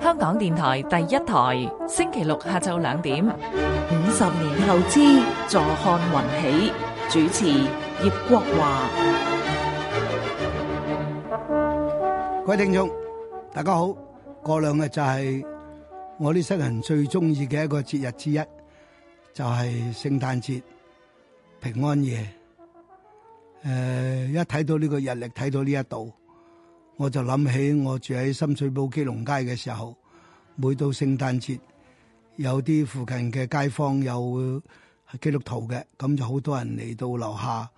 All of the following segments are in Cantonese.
香港電台第一台，星期六下晝兩點。五十年後，之坐看雲起。主持葉國華。各位聽眾，大家好。過兩日就係我哋呢啲人最中意嘅一個節日之一，就係聖誕節、平安夜。誒，一睇到呢個日曆，睇到呢一度，我就諗起我住喺深水埗基隆街嘅時候，每到聖誕節，有啲附近嘅街坊有基督徒嘅，咁就好多人嚟到樓下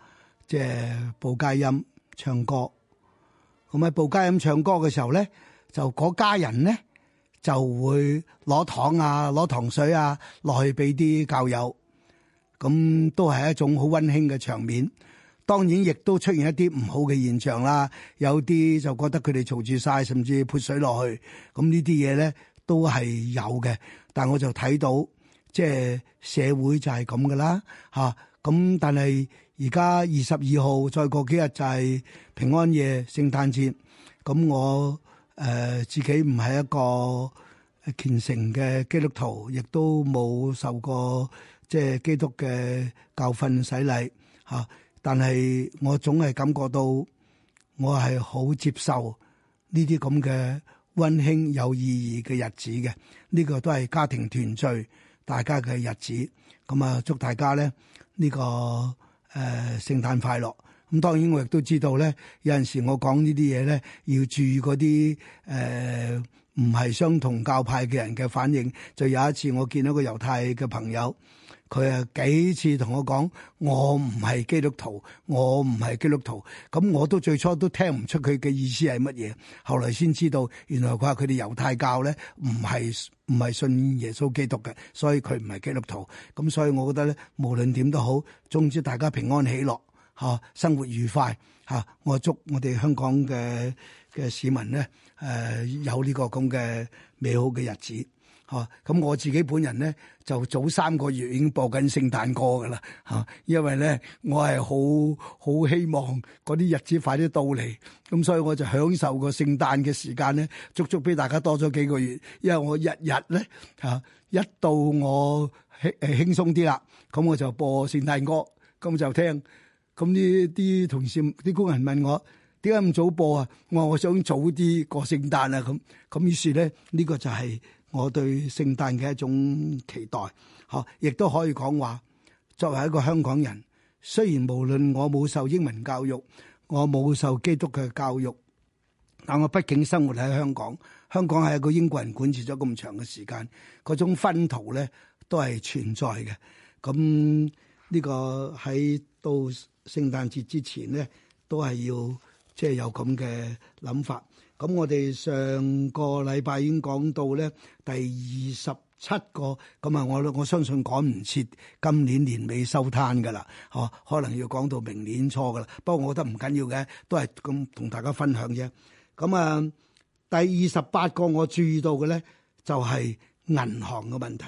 即係報佳音唱歌，同埋報佳音唱歌嘅時候咧，就嗰家人咧就會攞糖啊，攞糖水啊落去俾啲教友，咁都係一種好溫馨嘅場面。當然亦都出現一啲唔好嘅現象啦，有啲就覺得佢哋嘈住晒，甚至潑水落去，咁呢啲嘢咧都係有嘅。但係我就睇到，即係社會就係咁嘅啦嚇。咁、啊、但係而家二十二號再過幾日就係平安夜聖誕節，咁、啊、我誒、呃、自己唔係一個虔誠嘅基督徒，亦都冇受過即係基督嘅教訓洗禮。嚇、啊。但係我總係感覺到我係好接受呢啲咁嘅溫馨有意義嘅日子嘅，呢、這個都係家庭團聚大家嘅日子。咁、嗯、啊，祝大家咧呢、這個誒、呃、聖誕快樂。咁、嗯、當然我亦都知道咧，有陣時我講呢啲嘢咧要注意嗰啲誒唔係相同教派嘅人嘅反應。就有一次我見到個猶太嘅朋友。佢啊幾次同我講，我唔係基督徒，我唔係基督徒。咁我都最初都聽唔出佢嘅意思係乜嘢，後嚟先知道原來佢話佢哋猶太教咧唔係唔係信耶穌基督嘅，所以佢唔係基督徒。咁所以我覺得咧，無論點都好，總之大家平安喜樂嚇，生活愉快嚇。我祝我哋香港嘅嘅市民咧誒有呢個咁嘅美好嘅日子。嚇！咁我自己本人咧，就早三個月已經播緊聖誕歌㗎喇嚇，因為咧我係好好希望嗰啲日子快啲到嚟，咁所以我就享受個聖誕嘅時間咧，足足俾大家多咗幾個月。因為我日日咧嚇一到我輕誒輕鬆啲啦，咁我就播聖誕歌，咁就聽。咁呢啲同事、啲工人問我點解咁早播啊？我話我想早啲過聖誕啊！咁咁於是咧呢個就係。我對聖誕嘅一種期待，嚇，亦都可以講話作為一個香港人。雖然無論我冇受英文教育，我冇受基督嘅教育，但我畢竟生活喺香港。香港係一個英國人管治咗咁長嘅時間，嗰種薰陶咧都係存在嘅。咁呢、這個喺到聖誕節之前咧，都係要即係、就是、有咁嘅諗法。咁我哋上個禮拜已經講到咧第二十七個，咁啊，我我相信趕唔切今年年尾收攤噶啦，哦，啊，可能要講到明年初噶啦。不過我覺得唔緊要嘅，都係咁同大家分享啫。咁啊，第二十八個我注意到嘅咧，就係銀行嘅問題。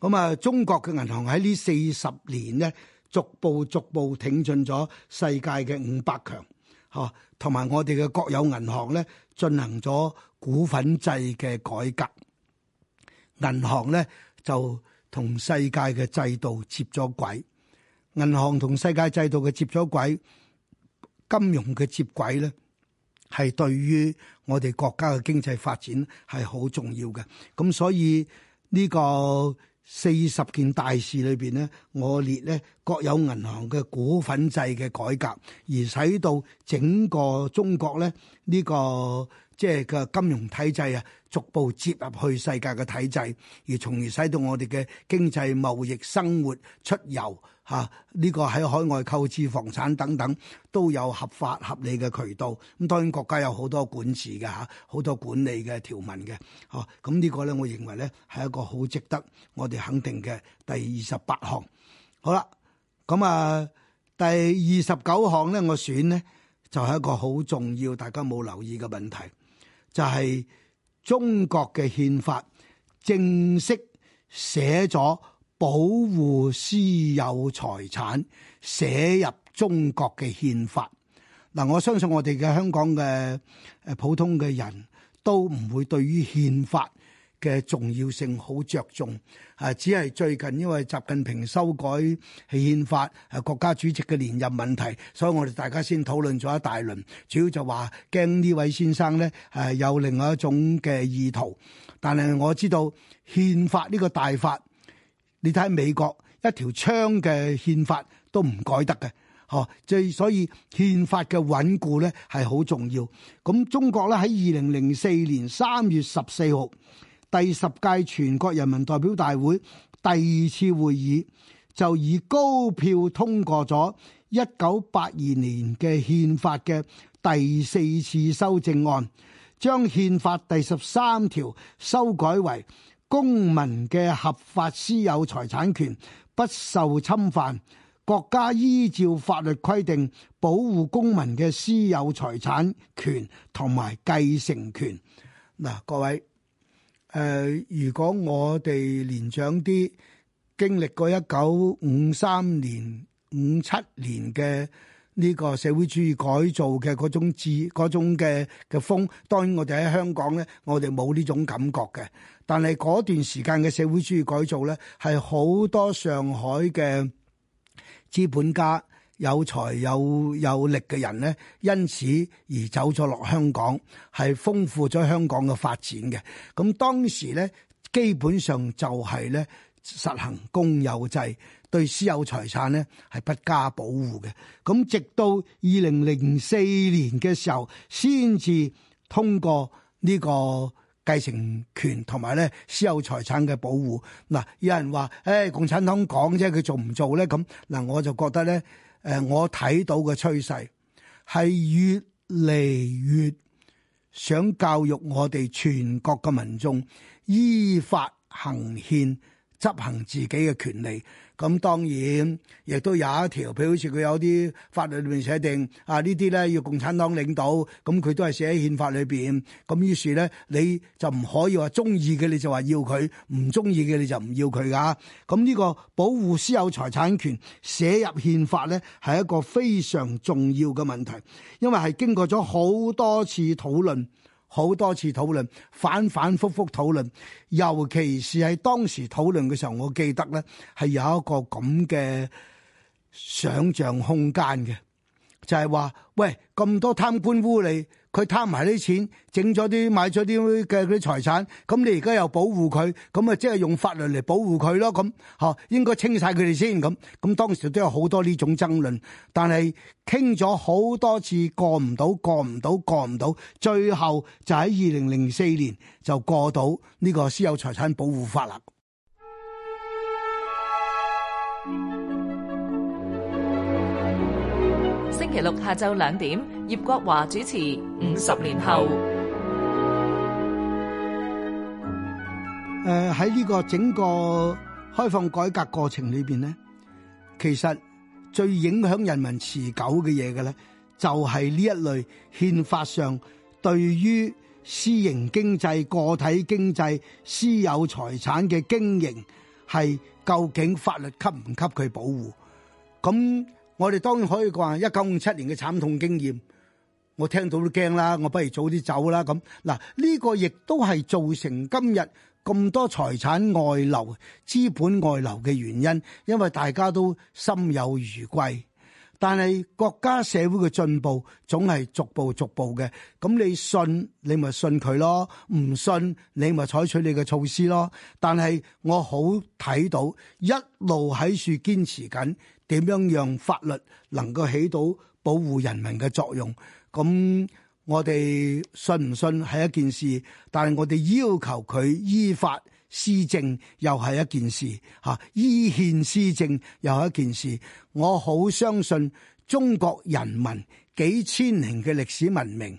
咁啊，中國嘅銀行喺呢四十年咧，逐步逐步挺進咗世界嘅五百強。哦，同埋我哋嘅國有銀行咧，進行咗股份制嘅改革，銀行咧就同世界嘅制度接咗軌，銀行同世界制度嘅接咗軌，金融嘅接軌咧，係對於我哋國家嘅經濟發展係好重要嘅，咁所以呢個。四十件大事裏邊咧，我列咧國有銀行嘅股份制嘅改革，而使到整個中國咧、這、呢個即係嘅金融體制啊。逐步接入去世界嘅體制，而從而使到我哋嘅經濟、貿易、生活、出遊，嚇、啊、呢、呢個喺海外購置房產等等都有合法合理嘅渠道。咁當然國家有好多管治嘅嚇，好、啊、多管理嘅條文嘅。哦、啊，咁呢個咧，我認為咧係一個好值得我哋肯定嘅第二十八項。好啦，咁啊第二十九項咧，我選呢就係、是、一個好重要，大家冇留意嘅問題，就係、是。中國嘅憲法正式寫咗保護私有財產，寫入中國嘅憲法。嗱，我相信我哋嘅香港嘅誒普通嘅人都唔會對於憲法。嘅重要性好着重，啊，只係最近因為習近平修改憲法，係、啊、國家主席嘅連任問題，所以我哋大家先討論咗一大輪，主要就話驚呢位先生咧，誒、啊、有另外一種嘅意圖，但係我知道憲法呢個大法，你睇美國一條槍嘅憲法都唔改得嘅，呵、啊，最所以憲法嘅穩固咧，係好重要。咁中國咧，喺二零零四年三月十四號。第十屆全國人民代表大會第二次會議就以高票通過咗一九八二年嘅憲法嘅第四次修正案，將憲法第十三條修改為公民嘅合法私有財產權不受侵犯，國家依照法律規定保護公民嘅私有財產權同埋繼承權。嗱，各位。誒、呃，如果我哋年長啲，經歷過一九五三年、五七年嘅呢個社會主義改造嘅種志種嘅嘅風，當然我哋喺香港咧，我哋冇呢種感覺嘅。但係嗰段時間嘅社會主義改造咧，係好多上海嘅資本家。有才有有力嘅人呢，因此而走咗落香港，係豐富咗香港嘅發展嘅。咁當時呢，基本上就係呢實行公有制，對私有財產呢係不加保護嘅。咁直到二零零四年嘅時候，先至通過呢個，繼承權同埋咧私有財產嘅保護，嗱，有人話，誒、哎，共產黨講啫，佢做唔做咧？咁嗱，我就覺得咧，誒、呃，我睇到嘅趨勢係越嚟越想教育我哋全國嘅民眾依法行憲。執行自己嘅權利，咁當然亦都有一條，譬如好似佢有啲法律裏面寫定，啊呢啲咧要共產黨領導，咁佢都係寫喺憲法裏邊，咁於是咧你就唔可以話中意嘅你就話要佢，唔中意嘅你就唔要佢噶，咁呢個保護私有財產權寫入憲法咧係一個非常重要嘅問題，因為係經過咗好多次討論。好多次討論，反反覆覆討論，尤其是喺當時討論嘅時候，我記得咧係有一個咁嘅想像空間嘅，就係話：喂，咁多貪官污吏。佢貪埋啲錢，整咗啲買咗啲嘅嗰啲財產，咁你而家又保護佢，咁啊即係用法律嚟保護佢咯，咁吓應該清晒佢哋先，咁咁當時都有好多呢種爭論，但係傾咗好多次過唔到，過唔到，過唔到，最後就喺二零零四年就過到呢個私有財產保護法啦。星期六下晝兩點，葉國華主持《五十年後》呃。誒，喺呢個整個開放改革過程裏邊咧，其實最影響人民持久嘅嘢嘅咧，就係呢一類憲法上對於私營經濟、個體經濟、私有財產嘅經營，係究竟法律給唔給佢保護？咁我哋當然可以講話，一九五七年嘅慘痛經驗，我聽到都驚啦，我不如早啲走啦咁。嗱，呢個亦都係造成今日咁多財產外流、資本外流嘅原因，因為大家都心有餘悸。但係國家社會嘅進步總係逐步逐步嘅。咁你信，你咪信佢咯；唔信，你咪採取你嘅措施咯。但係我好睇到一路喺處堅持緊。點樣讓法律能夠起到保護人民嘅作用？咁我哋信唔信係一件事，但係我哋要求佢依法施政又係一件事。吓，依憲施政又係一件事。我好相信中國人民幾千年嘅歷史文明。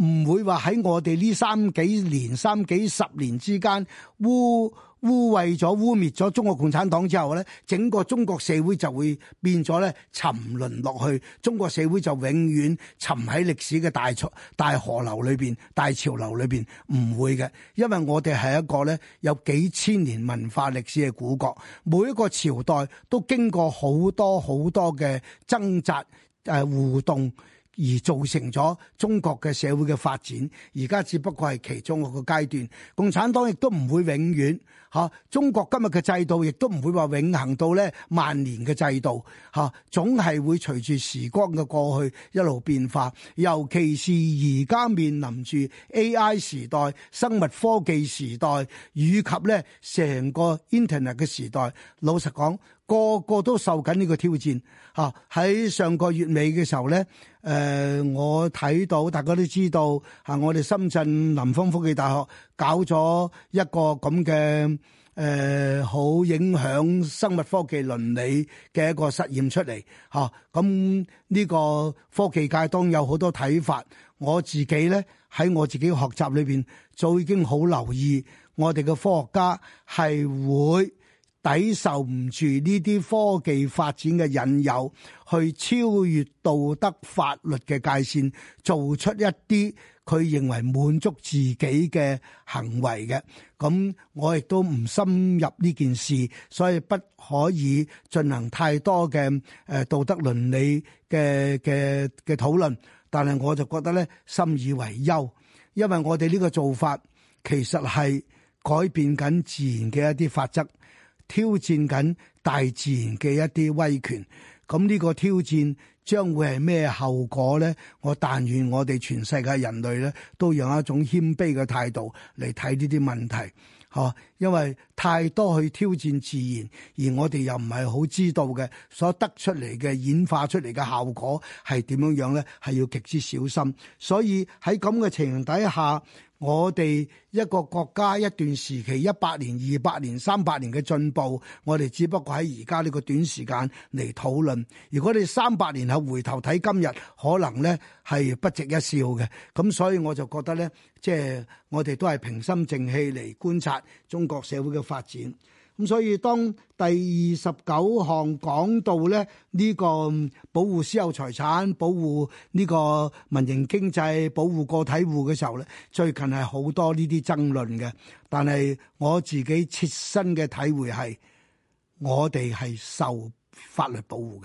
唔會話喺我哋呢三幾年、三幾十年之間污污，污衊咗、污蔑咗中國共產黨之後咧，整個中國社會就會變咗咧沉淪落去。中國社會就永遠沉喺歷史嘅大潮、大河流裏邊、大潮流裏邊，唔會嘅，因為我哋係一個咧有幾千年文化歷史嘅古國，每一個朝代都經過好多好多嘅掙扎誒互動。而造成咗中國嘅社會嘅發展，而家只不過係其中一個階段。共產黨亦都唔會永遠。吓、啊，中國今日嘅制度亦都唔會話永恒到咧萬年嘅制度，吓、啊、總係會隨住時光嘅過去一路變化。尤其是而家面臨住 A.I. 時代、生物科技時代以及咧成個 internet 嘅時代。老實講，個個都受緊呢個挑戰。吓、啊、喺上個月尾嘅時候咧，誒、呃，我睇到大家都知道，吓、啊、我哋深圳南方科技大學。搞咗一個咁嘅誒，好影響生物科技倫理嘅一個實驗出嚟嚇。咁、啊、呢個科技界當有好多睇法，我自己咧喺我自己學習裏邊，早已經好留意我哋嘅科學家係會抵受唔住呢啲科技發展嘅引誘，去超越道德法律嘅界線，做出一啲。佢認為滿足自己嘅行為嘅，咁我亦都唔深入呢件事，所以不可以進行太多嘅誒道德倫理嘅嘅嘅討論。但係我就覺得咧，深以為憂，因為我哋呢個做法其實係改變緊自然嘅一啲法則，挑戰緊大自然嘅一啲威權。咁呢個挑戰，將會係咩後果咧？我但願我哋全世界人類咧，都用一種謙卑嘅態度嚟睇呢啲問題，吓，因為太多去挑戰自然，而我哋又唔係好知道嘅所得出嚟嘅演化出嚟嘅效果係點樣樣咧，係要極之小心。所以喺咁嘅情形底下，我哋一個國家一段時期一百年、二百年、三百年嘅進步，我哋只不過喺而家呢個短時間嚟討論。如果你三百年後，回頭睇今日，可能咧係不值一笑嘅，咁所以我就覺得咧，即係我哋都係平心靜氣嚟觀察中國社會嘅發展。咁所以當第二十九項講到咧呢個保護私有財產、保護呢個民營經濟、保護個體戶嘅時候咧，最近係好多呢啲爭論嘅。但係我自己切身嘅體會係，我哋係受法律保護嘅。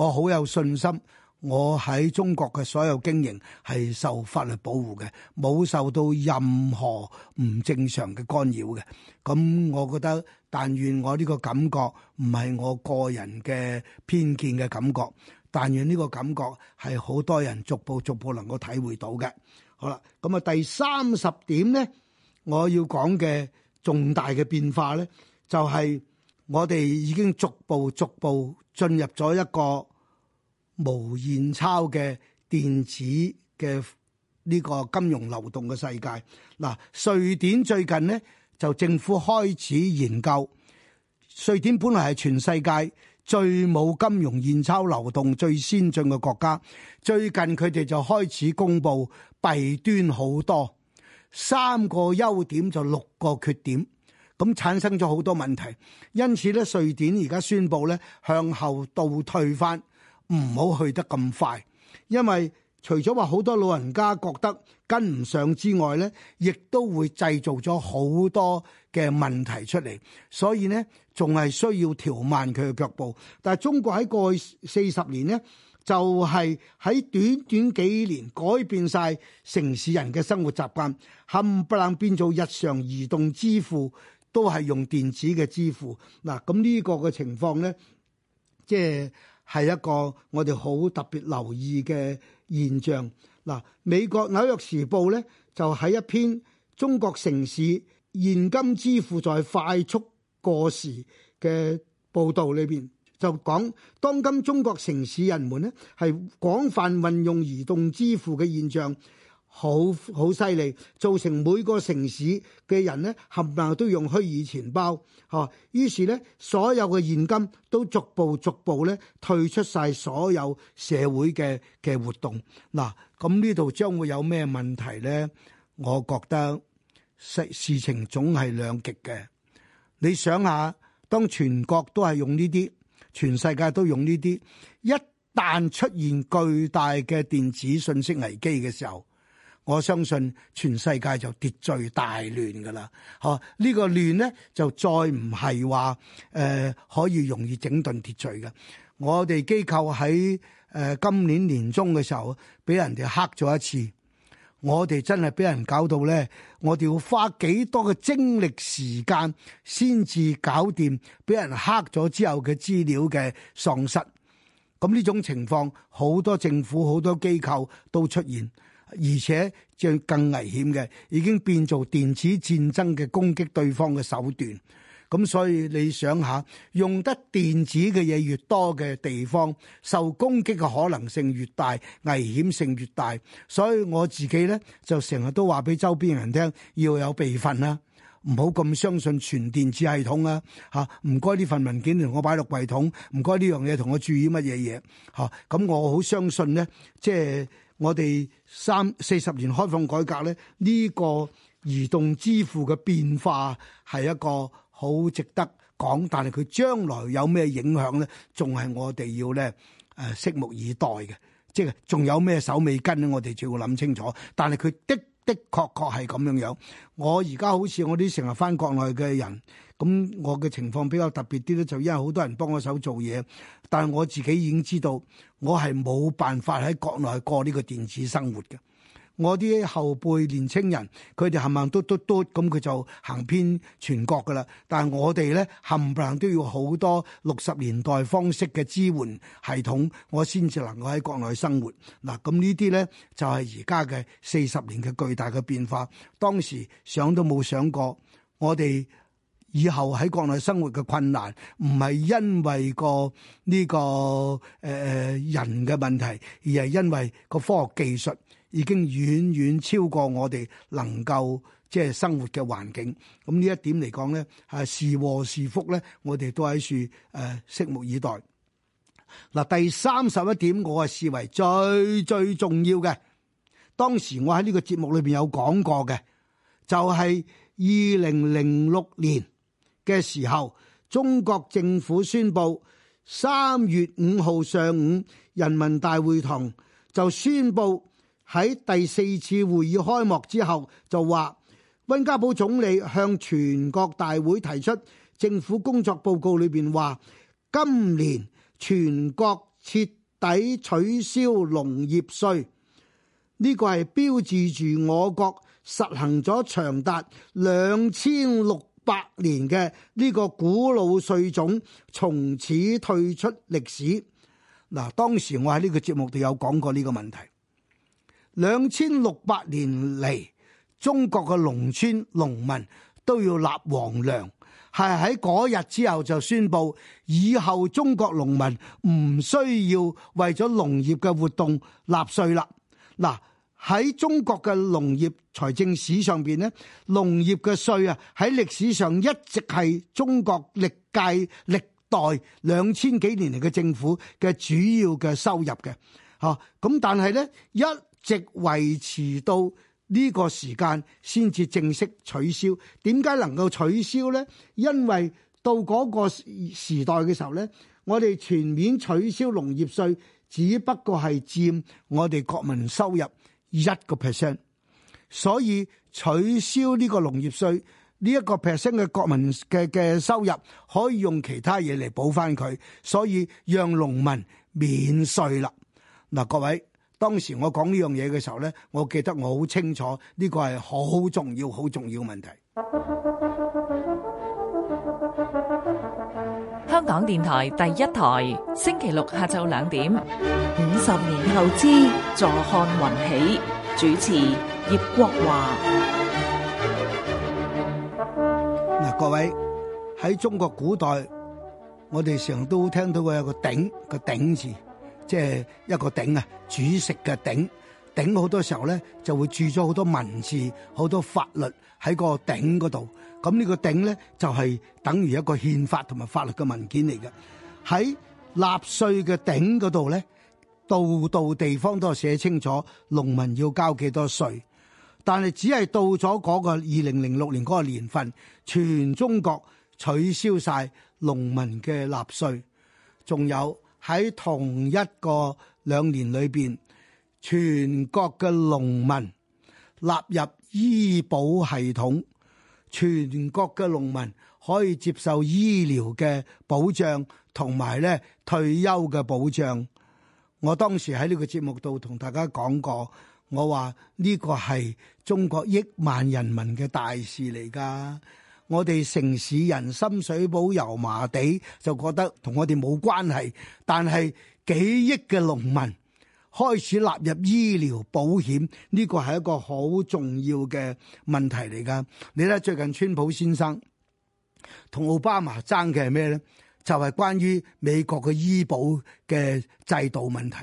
我好有信心，我喺中國嘅所有經營係受法律保護嘅，冇受到任何唔正常嘅干擾嘅。咁我覺得，但願我呢個感覺唔係我個人嘅偏見嘅感覺，但願呢個感覺係好多人逐步逐步能夠體會到嘅。好啦，咁啊，第三十點咧，我要講嘅重大嘅變化咧，就係、是、我哋已經逐步逐步進入咗一個。無現鈔嘅電子嘅呢個金融流動嘅世界嗱，瑞典最近呢，就政府開始研究。瑞典本嚟係全世界最冇金融現鈔流動、最先進嘅國家，最近佢哋就開始公布弊端好多，三個優點就六個缺點，咁產生咗好多問題，因此咧，瑞典而家宣布咧向後倒退翻。唔好去得咁快，因為除咗話好多老人家覺得跟唔上之外咧，亦都會製造咗好多嘅問題出嚟。所以呢，仲係需要調慢佢嘅腳步。但係中國喺過去四十年呢，就係喺短短幾年改變晒城市人嘅生活習慣，冚唪唥變做日常移動支付都係用電子嘅支付。嗱，咁呢個嘅情況呢，即係。係一個我哋好特別留意嘅現象。嗱，美國《紐約時報》咧就喺一篇《中國城市現金支付在快速過時》嘅報導裏邊，就講當今中國城市人們咧係廣泛運用移動支付嘅現象。好好犀利，造成每個城市嘅人咧，冚唪唥都用虛擬錢包，吓、啊，於是咧，所有嘅現金都逐步逐步咧退出晒所有社會嘅嘅活動，嗱，咁呢度將會有咩問題咧？我覺得事事情總係兩極嘅。你想下，當全國都係用呢啲，全世界都用呢啲，一旦出現巨大嘅電子信息危機嘅時候。我相信全世界就秩序大亂噶啦。吓、這個、呢個亂咧，就再唔係話誒可以容易整頓秩序嘅。我哋機構喺誒、呃、今年年中嘅時候，俾人哋黑咗一次，我哋真係俾人搞到咧，我哋要花幾多嘅精力時間先至搞掂，俾人黑咗之後嘅資料嘅喪失。咁、嗯、呢種情況，好多政府、好多機構都出現。而且最更危險嘅，已經變做電子戰爭嘅攻擊對方嘅手段。咁所以你想下，用得電子嘅嘢越多嘅地方，受攻擊嘅可能性越大，危險性越大。所以我自己咧，就成日都話俾周邊人聽，要有備份啦、啊，唔好咁相信全電子系統啦、啊。嚇，唔該呢份文件同我擺落櫃桶，唔該呢樣嘢同我注意乜嘢嘢？嚇，咁我好相信呢，即係。我哋三四十年開放改革咧，呢、呢個移動支付嘅變化係一個好值得講，但係佢將來有咩影響咧，仲係我哋要咧誒拭目以待嘅，即係仲有咩手尾跟咧，我哋要諗清楚。但係佢的的確確係咁樣樣，我而家好似我啲成日返國內嘅人，咁我嘅情況比較特別啲咧，就因為好多人幫我手做嘢，但係我自己已經知道，我係冇辦法喺國內過呢個電子生活嘅。我啲後輩年青人，佢哋行行嘟嘟嘟咁，佢就行遍全國噶啦。但係我哋咧，冚唪唥都要好多六十年代方式嘅支援系統，我先至能夠喺國內生活嗱。咁呢啲咧就係而家嘅四十年嘅巨大嘅變化。當時想都冇想過，我哋以後喺國內生活嘅困難唔係因為、個呢個誒誒、呃、人嘅問題，而係因為個科學技術。已經遠遠超過我哋能夠即係生活嘅環境，咁呢一點嚟講咧，係是禍是福咧，我哋都喺處誒拭目以待嗱。第三十一點，我係視為最最重要嘅。當時我喺呢個節目裏邊有講過嘅，就係二零零六年嘅時候，中國政府宣布三月五號上午，人民大會堂就宣布。喺第四次會議開幕之後就，就話溫家寶總理向全國大會提出政府工作報告裏邊話，今年全國徹底取消農業稅。呢個係標誌住我國實行咗長達兩千六百年嘅呢個古老稅種，從此退出歷史。嗱，當時我喺呢個節目度有講過呢個問題。兩千六百年嚟，中國嘅農村農民都要納皇糧。係喺嗰日之後就宣佈，以後中國農民唔需要為咗農業嘅活動納稅啦。嗱，喺中國嘅農業財政史上邊咧，農業嘅稅啊，喺歷史上一直係中國歷屆歷代兩千幾年嚟嘅政府嘅主要嘅收入嘅嚇。咁但係咧一。即維持到呢個時間先至正式取消。點解能夠取消咧？因為到嗰個時代嘅時候咧，我哋全面取消農業稅，只不過係佔我哋國民收入一個 percent。所以取消呢個農業稅，呢一個 percent 嘅國民嘅嘅收入可以用其他嘢嚟補翻佢，所以讓農民免稅啦。嗱，各位。當時我講呢樣嘢嘅時候咧，我記得我好清楚，呢個係好重要、好重要問題。香港電台第一台，星期六下晝兩點，五十年後之坐看雲起，主持葉國華。嗱，各位喺中國古代，我哋常都聽到個有個鼎個鼎字。即係一個鼎啊，煮食嘅鼎，鼎好多時候咧就會鑄咗好多文字、好多法律喺個鼎嗰度。咁呢個鼎咧就係、是、等於一個憲法同埋法律嘅文件嚟嘅。喺納稅嘅鼎嗰度咧，度度地方都係寫清楚農民要交幾多稅。但係只係到咗嗰個二零零六年嗰個年份，全中國取消晒農民嘅納稅，仲有。喺同一個兩年裏邊，全國嘅農民納入醫保系統，全國嘅農民可以接受醫療嘅保障，同埋咧退休嘅保障。我當時喺呢個節目度同大家講過，我話呢個係中國億萬人民嘅大事嚟㗎。我哋城市人深水埗油麻地就覺得同我哋冇關係，但係幾億嘅農民開始納入醫療保險呢個係一個好重要嘅問題嚟噶。你睇最近川普先生同奧巴馬爭嘅係咩咧？就係、是、關於美國嘅醫保嘅制度問題，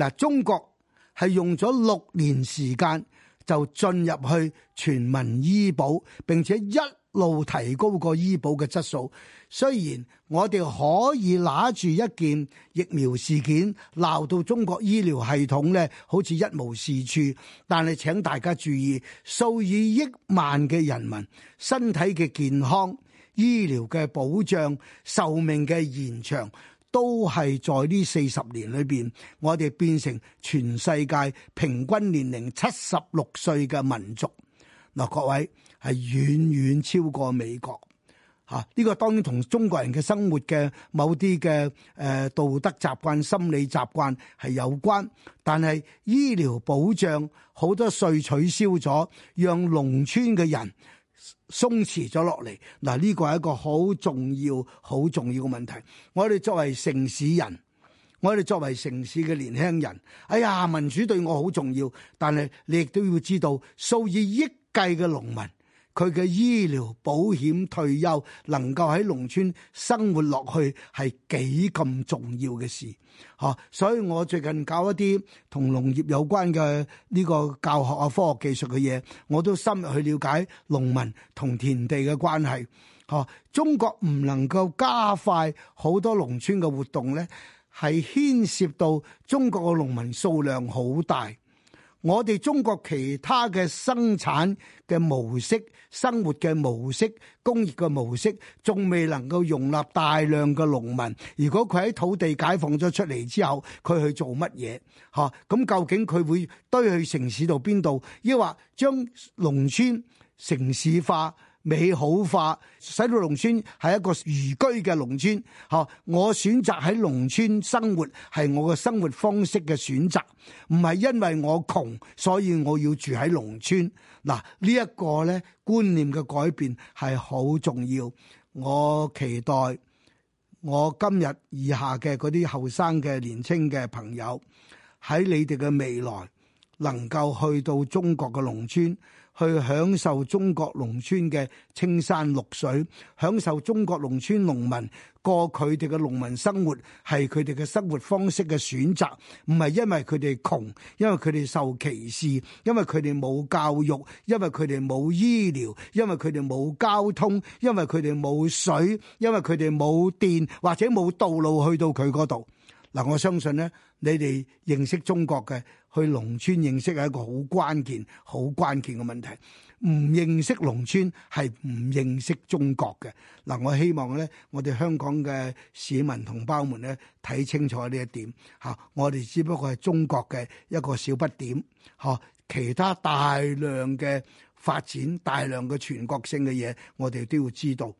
嗱，中國係用咗六年時間就進入去全民醫保，並且一路提高過醫保嘅質素，雖然我哋可以拿住一件疫苗事件鬧到中國醫療系統咧，好似一無是處，但係請大家注意，數以億萬嘅人民身體嘅健康、醫療嘅保障、壽命嘅延長都係在呢四十年裏邊，我哋變成全世界平均年齡七十六歲嘅民族。嗱，各位係遠遠超過美國吓，呢個當然同中國人嘅生活嘅某啲嘅誒道德習慣心理習慣係有關，但係醫療保障好多稅取消咗，讓農村嘅人鬆弛咗落嚟。嗱，呢個係一個好重要、好重要嘅問題，我哋作為城市人，我哋作為城市嘅年輕人，哎呀，民主對我好重要，但係你亦都要知道數以億。計嘅農民，佢嘅醫療保險退休，能夠喺農村生活落去係幾咁重要嘅事，吓、啊！所以我最近搞一啲同農業有關嘅呢個教學啊，科學技術嘅嘢，我都深入去了解農民同田地嘅關係，吓、啊！中國唔能夠加快好多農村嘅活動咧，係牽涉到中國嘅農民數量好大。我哋中國其他嘅生產嘅模式、生活嘅模式、工業嘅模式，仲未能夠容納大量嘅農民。如果佢喺土地解放咗出嚟之後，佢去做乜嘢？嚇、啊，咁、嗯、究竟佢會堆去城市度邊度？抑或將農村城市化？美好化，使到農村係一個宜居嘅農村。吓，我選擇喺農村生活，係我嘅生活方式嘅選擇，唔係因為我窮，所以我要住喺農村。嗱，這個、呢一個咧觀念嘅改變係好重要。我期待我今日以下嘅嗰啲後生嘅年青嘅朋友，喺你哋嘅未來能夠去到中國嘅農村。去享受中國農村嘅青山綠水，享受中國農村農民過佢哋嘅農民生活，係佢哋嘅生活方式嘅選擇，唔係因為佢哋窮，因為佢哋受歧視，因為佢哋冇教育，因為佢哋冇醫療，因為佢哋冇交通，因為佢哋冇水，因為佢哋冇電或者冇道路去到佢嗰度。嗱，我相信咧，你哋認識中國嘅，去農村認識係一個好關鍵、好關鍵嘅問題。唔認識農村係唔認識中國嘅。嗱，我希望咧，我哋香港嘅市民同胞們咧，睇清楚呢一點嚇。我哋只不過係中國嘅一個小不點，嚇，其他大量嘅發展、大量嘅全國性嘅嘢，我哋都要知道。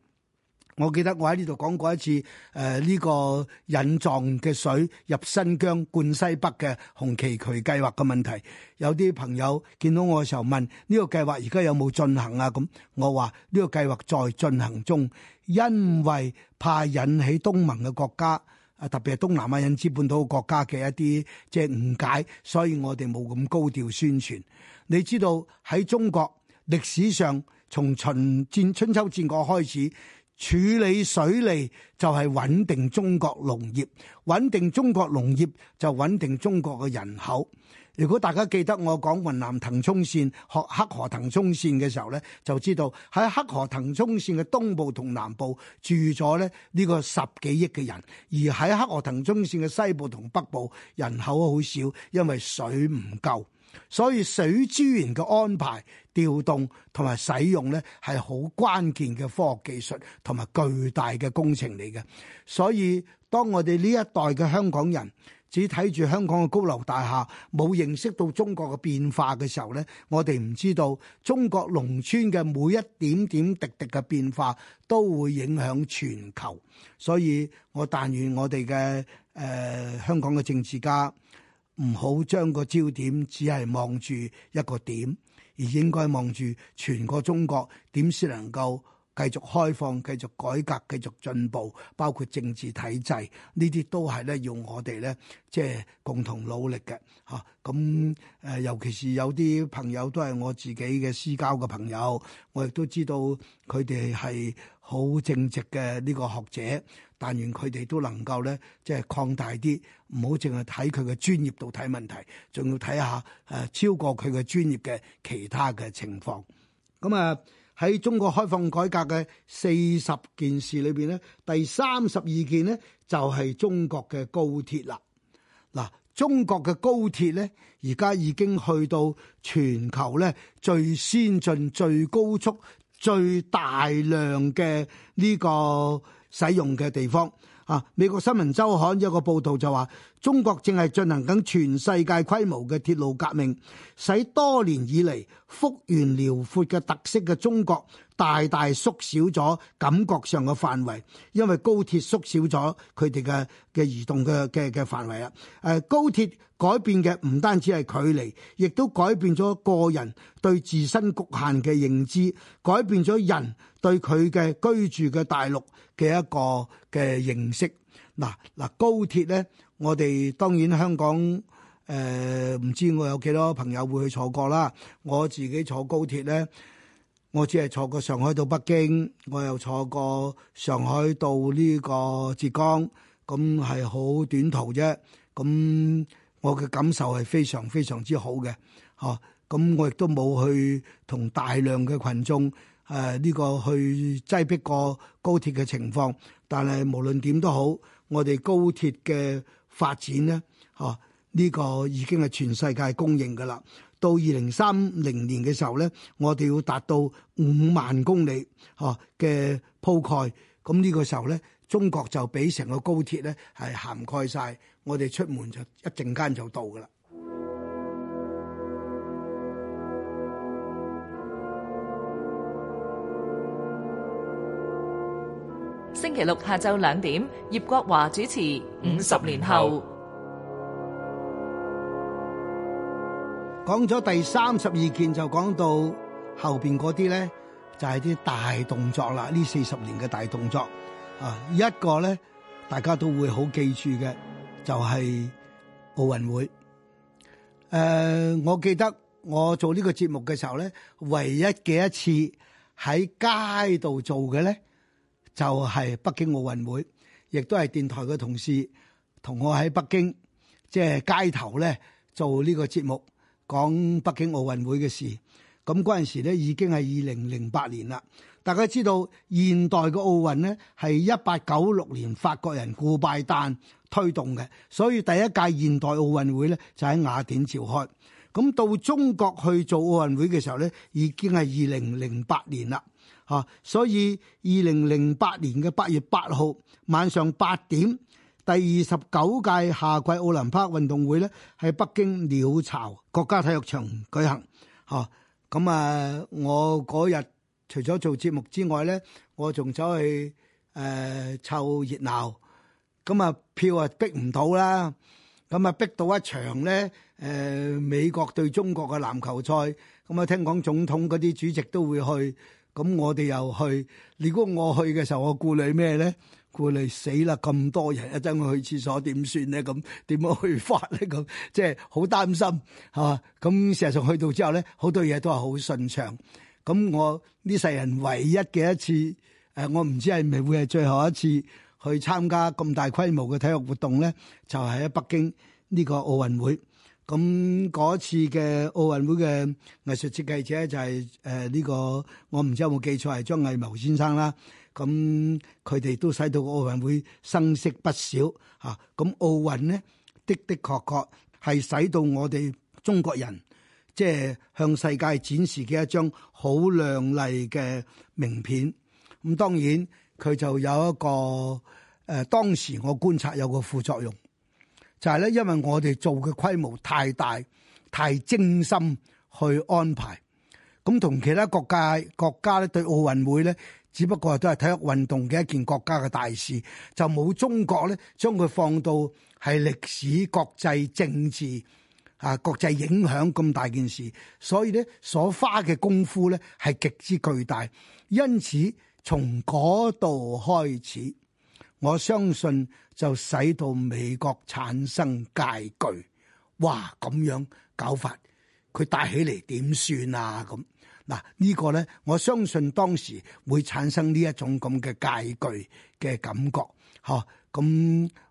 我記得我喺呢度講過一次，誒、呃、呢、這個引藏嘅水入新疆灌西北嘅紅旗渠計劃嘅問題，有啲朋友見到我嘅時候問呢、這個計劃而家有冇進行啊？咁我話呢、這個計劃在進行中，因為怕引起東盟嘅國家，啊特別係東南亞引資半島國家嘅一啲即係誤解，所以我哋冇咁高調宣傳。你知道喺中國歷史上，從秦戰春秋戰國開始。處理水利就係穩定中國農業，穩定中國農業就穩定中國嘅人口。如果大家記得我講雲南騰衝線、黑河騰衝線嘅時候呢就知道喺黑河騰衝線嘅東部同南部住咗呢呢個十幾億嘅人，而喺黑河騰衝線嘅西部同北部人口好少，因為水唔夠。所以水資源嘅安排、調動同埋使用呢，係好關鍵嘅科學技術同埋巨大嘅工程嚟嘅。所以當我哋呢一代嘅香港人，只睇住香港嘅高樓大廈，冇認識到中國嘅變化嘅時候呢，我哋唔知道中國農村嘅每一點點滴滴嘅變化都會影響全球。所以我但願我哋嘅誒香港嘅政治家，唔好將個焦點只係望住一個點，而應該望住全個中國點先能夠繼續開放、繼續改革、繼續進步。包括政治體制呢啲都係咧，要我哋咧即係共同努力嘅嚇。咁、啊、誒，尤其是有啲朋友都係我自己嘅私交嘅朋友，我亦都知道佢哋係好正直嘅呢個學者。但願佢哋都能夠咧，即係擴大啲，唔好淨係睇佢嘅專業度睇問題，仲要睇下誒、呃、超過佢嘅專業嘅其他嘅情況。咁啊喺中國開放改革嘅四十件事裏邊咧，第三十二件呢，就係、是、中國嘅高鐵啦。嗱、嗯，中國嘅高鐵咧而家已經去到全球咧最先進、最高速、最大量嘅呢、這個使用嘅地方，啊，美國新聞周刊有個報道就話。中國正係進行緊全世界規模嘅鐵路革命，使多年以嚟幅員遼闊嘅特色嘅中國大大縮小咗感覺上嘅範圍，因為高鐵縮小咗佢哋嘅嘅移動嘅嘅嘅範圍啦。誒，高鐵改變嘅唔單止係距離，亦都改變咗個人對自身局限嘅認知，改變咗人對佢嘅居住嘅大陸嘅一個嘅認識。嗱嗱，高鐵咧。我哋當然香港誒唔、呃、知我有幾多朋友會去坐過啦。我自己坐高鐵咧，我只係坐過上海到北京，我又坐過上海到呢個浙江，咁係好短途啫。咁我嘅感受係非常非常之好嘅，嚇、啊。咁我亦都冇去同大量嘅群眾誒呢、啊呢個去擠迫過高鐵嘅情況。但係無論點都好，我哋高鐵嘅。發展咧，嚇、這、呢個已經係全世界公認嘅啦。到二零三零年嘅時候咧，我哋要達到五萬公里嚇嘅鋪蓋，咁、這、呢個時候咧，中國就俾成個高鐵咧係涵蓋晒，我哋出門就一陣間就到噶啦。星期六下晝兩點，葉國華主持《五十年後》。講咗第三十二件，就講到後邊嗰啲咧，就係啲大動作啦。呢四十年嘅大動作啊，一個咧，大家都會好記住嘅，就係奧運會。誒、呃，我記得我做呢個節目嘅時候咧，唯一嘅一次喺街度做嘅咧。就係北京奧運會，亦都係電台嘅同事同我喺北京即係、就是、街頭咧做呢個節目，講北京奧運會嘅事。咁嗰陣時咧已經係二零零八年啦。大家知道現代嘅奧運呢係一八九六年法國人顧拜旦推動嘅，所以第一屆現代奧運會咧就喺雅典召開。咁、嗯、到中國去做奧運會嘅時候咧，已經係二零零八年啦。吓，所以二零零八年嘅八月八號晚上八點，第二十九屆夏季奧林匹克運動會咧喺北京鳥巢國家體育場舉行。吓，咁啊，我嗰日除咗做節目之外咧，我仲走去誒湊熱鬧。咁啊，票啊逼唔到啦，咁啊逼到一場咧，誒美國對中國嘅籃球賽，咁啊聽講總統嗰啲主席都會去。咁我哋又去，如果我去嘅時候，我顧慮咩咧？顧慮死啦，咁多人一陣我去廁所點算咧？咁點樣去法咧？咁即係好擔心，係嘛？咁事實上去到之後咧，好多嘢都係好順暢。咁我呢世人唯一嘅一次，誒，我唔知係咪會係最後一次去參加咁大規模嘅體育活動咧，就係、是、喺北京呢個奧運會。咁嗰次嘅奧運會嘅藝術設計者就係誒，呢個我唔知有冇記錯，係張藝謀先生啦。咁佢哋都使到奧運會生色不少嚇。咁奧運咧的的確確係使到我哋中國人即係、就是、向世界展示嘅一張好亮麗嘅名片。咁當然佢就有一個誒，當時我觀察有個副作用。就係咧，因為我哋做嘅規模太大，太精心去安排，咁同其他國家國家咧，對奧運會咧，只不過都係體育運動嘅一件國家嘅大事，就冇中國咧將佢放到係歷史、國際政治啊、國際影響咁大件事，所以咧所花嘅功夫咧係極之巨大，因此從嗰度開始。我相信就使到美國產生戒懼，哇！咁樣搞法，佢帶起嚟點算啊？咁嗱、這個、呢個咧，我相信當時會產生呢一種咁嘅戒懼嘅感覺吓，咁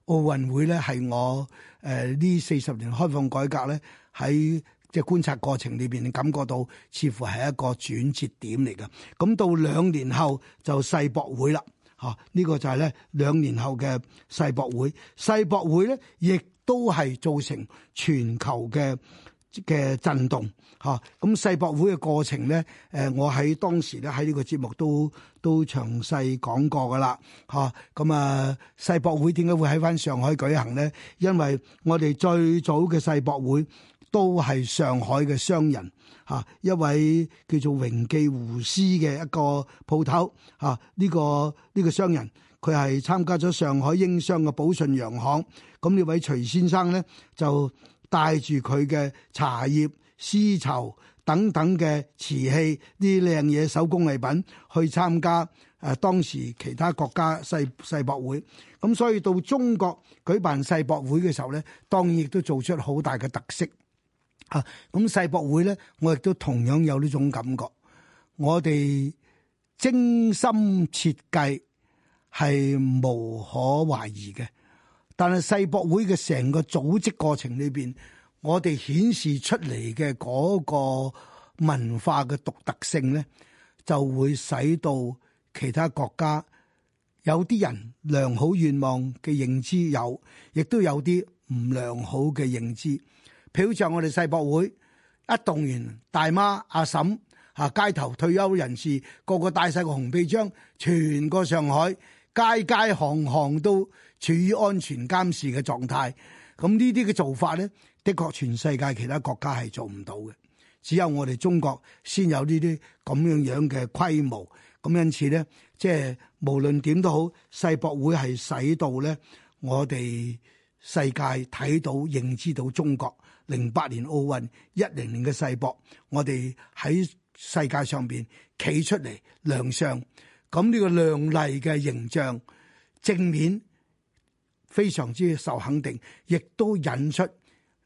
奧運會咧係我誒呢四十年開放改革咧喺即係觀察過程裏邊感覺到似乎係一個轉折點嚟嘅。咁、嗯、到兩年後就世博會啦。啊！呢、這個就係咧兩年後嘅世博會，世博會咧亦都係造成全球嘅嘅震動嚇。咁、啊、世博會嘅過程咧，誒、呃、我喺當時咧喺呢個節目都都詳細講過噶啦嚇。咁啊,啊世博會點解會喺返上海舉行咧？因為我哋最早嘅世博會。都係上海嘅商人嚇，一位叫做榮記湖絲嘅一個鋪頭嚇。呢、啊這個呢、這個商人佢係參加咗上海英商嘅寶順洋行。咁呢位徐先生呢，就帶住佢嘅茶葉、絲綢等等嘅瓷器、啲靚嘢、手工藝品去參加誒，當時其他國家世、世博會。咁所以到中國舉辦世博會嘅時候呢，當然亦都做出好大嘅特色。啊！咁世博會咧，我亦都同樣有呢種感覺。我哋精心設計係無可懷疑嘅，但係世博會嘅成個組織過程裏邊，我哋顯示出嚟嘅嗰個文化嘅獨特性咧，就會使到其他國家有啲人良好願望嘅認知有，亦都有啲唔良好嘅認知。表象我哋世博會一動員大媽阿嬸嚇、啊、街頭退休人士個個帶晒個紅臂章，全個上海街街巷巷都處於安全監視嘅狀態，咁呢啲嘅做法咧，的確全世界其他國家係做唔到嘅，只有我哋中國先有呢啲咁樣樣嘅規模。咁因此咧，即係無論點都好，世博會係使到咧我哋世界睇到、認知到中國。零八年奧運、一零年嘅世博，我哋喺世界上邊企出嚟，亮相，咁呢個亮麗嘅形象，正面非常之受肯定，亦都引出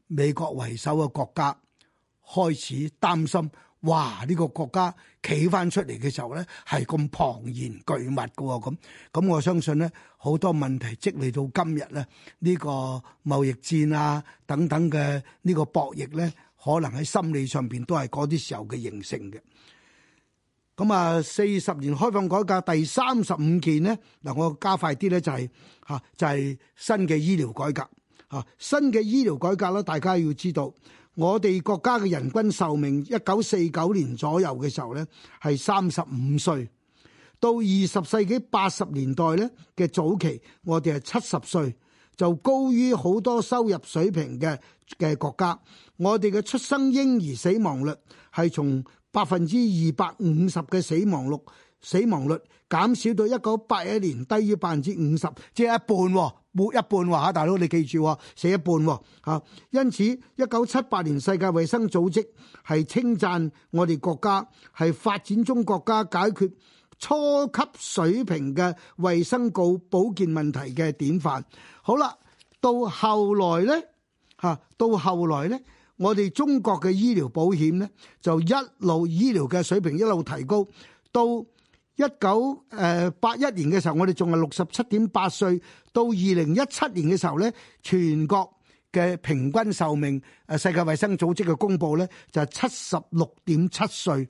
美國為首嘅國家開始擔心。哇！呢個國家企翻出嚟嘅時候咧，係咁龐然巨物嘅喎，咁咁我相信呢，好多問題積累到今日咧，呢個貿易戰啊等等嘅呢個博弈咧，可能喺心理上邊都係嗰啲時候嘅形成嘅。咁啊，四十年開放改革第三十五件呢，嗱我加快啲咧就係嚇、啊，就係新嘅醫療改革嚇、啊，新嘅醫療改革咧，大家要知道。我哋國家嘅人均壽命，一九四九年左右嘅時候呢，係三十五歲；到二十世紀八十年代呢嘅早期，我哋係七十歲，就高於好多收入水平嘅嘅國家。我哋嘅出生嬰兒死亡率係從百分之二百五十嘅死亡率。死亡率減少到一九八一年低於百分之五十，即係一半，冇一半話吓，大佬你記住，死一半吓。因此，一九七八年世界衛生組織係稱讚我哋國家係發展中國家解決初級水平嘅衛生告保健問題嘅典範。好啦，到後來呢？吓，到後來呢？我哋中國嘅醫療保險呢，就一路醫療嘅水平一路提高，都。一九誒八一年嘅時候，我哋仲係六十七點八歲；到二零一七年嘅時候咧，全國嘅平均壽命，誒世界衞生組織嘅公佈咧就係七十六點七歲。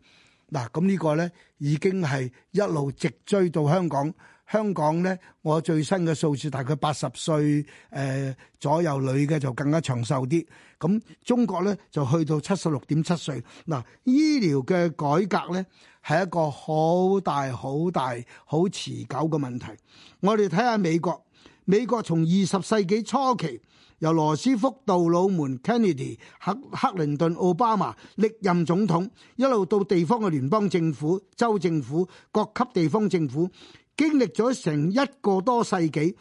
嗱，咁呢個咧已經係一路直追到香港。香港咧，我最新嘅數字大概八十歲誒左右，女嘅就更加長壽啲。咁中國咧就去到七十六點七歲。嗱，醫療嘅改革咧。係一個好大、好大、好持久嘅問題。我哋睇下美國，美國從二十世紀初期由羅斯福、杜魯門、Kennedy、克克林頓、奧巴馬歷任總統，一路到地方嘅聯邦政府、州政府、各級地方政府，經歷咗成一個多世紀。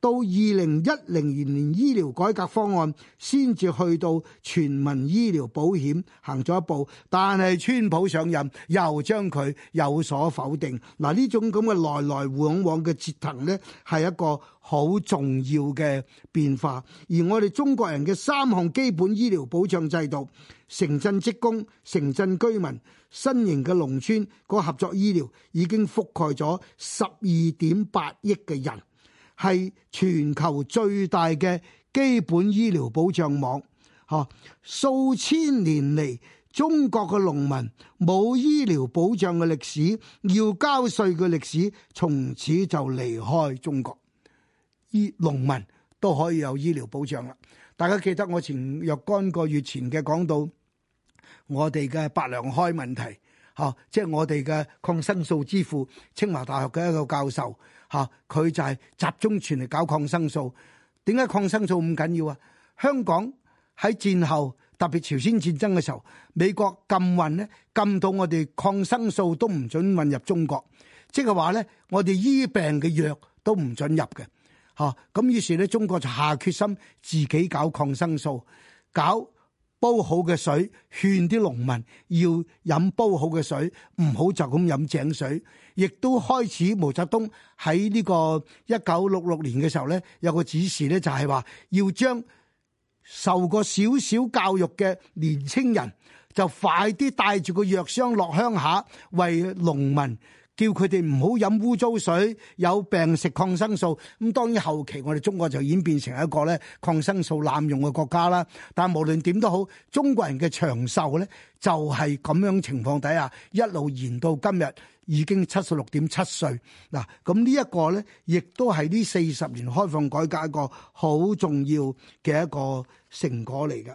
到二零一零年，年醫療改革方案先至去到全民醫療保險行咗一步，但係川普上任又將佢有所否定。嗱、啊，呢種咁嘅來來往往嘅折騰咧，係一個好重要嘅變化。而我哋中國人嘅三項基本醫療保障制度，城鎮職工、城鎮居民、新型嘅農村個合作醫療已經覆蓋咗十二點八億嘅人。係全球最大嘅基本醫療保障網，嚇、啊、數千年嚟，中國嘅農民冇醫療保障嘅歷史，要交稅嘅歷史，從此就離開中國，醫農民都可以有醫療保障啦。大家記得我前若干個月前嘅講到，我哋嘅白糧開問題。哦，即係我哋嘅抗生素之父，清華大學嘅一個教授，嚇佢就係集中全力搞抗生素。點解抗生素咁緊要啊？香港喺戰後特別朝鮮戰爭嘅時候，美國禁運呢，禁到我哋抗生素都唔准運入中國，即係話咧，我哋醫病嘅藥都唔准入嘅。嚇咁於是咧，中國就下決心自己搞抗生素，搞。煲好嘅水，勸啲農民要飲煲好嘅水，唔好就咁飲井水。亦都開始，毛澤東喺呢個一九六六年嘅時候咧，有個指示咧，就係話要將受過少少教育嘅年青人，就快啲帶住個藥箱落鄉下，為農民。叫佢哋唔好飲污糟水，有病食抗生素咁，當然後期我哋中國就演變成一個咧抗生素濫用嘅國家啦。但係無論點都好，中國人嘅長壽咧就係咁樣情況底下一路延到今日已經七十六點七歲嗱。咁呢一個咧，亦都係呢四十年開放改革一個好重要嘅一個成果嚟嘅。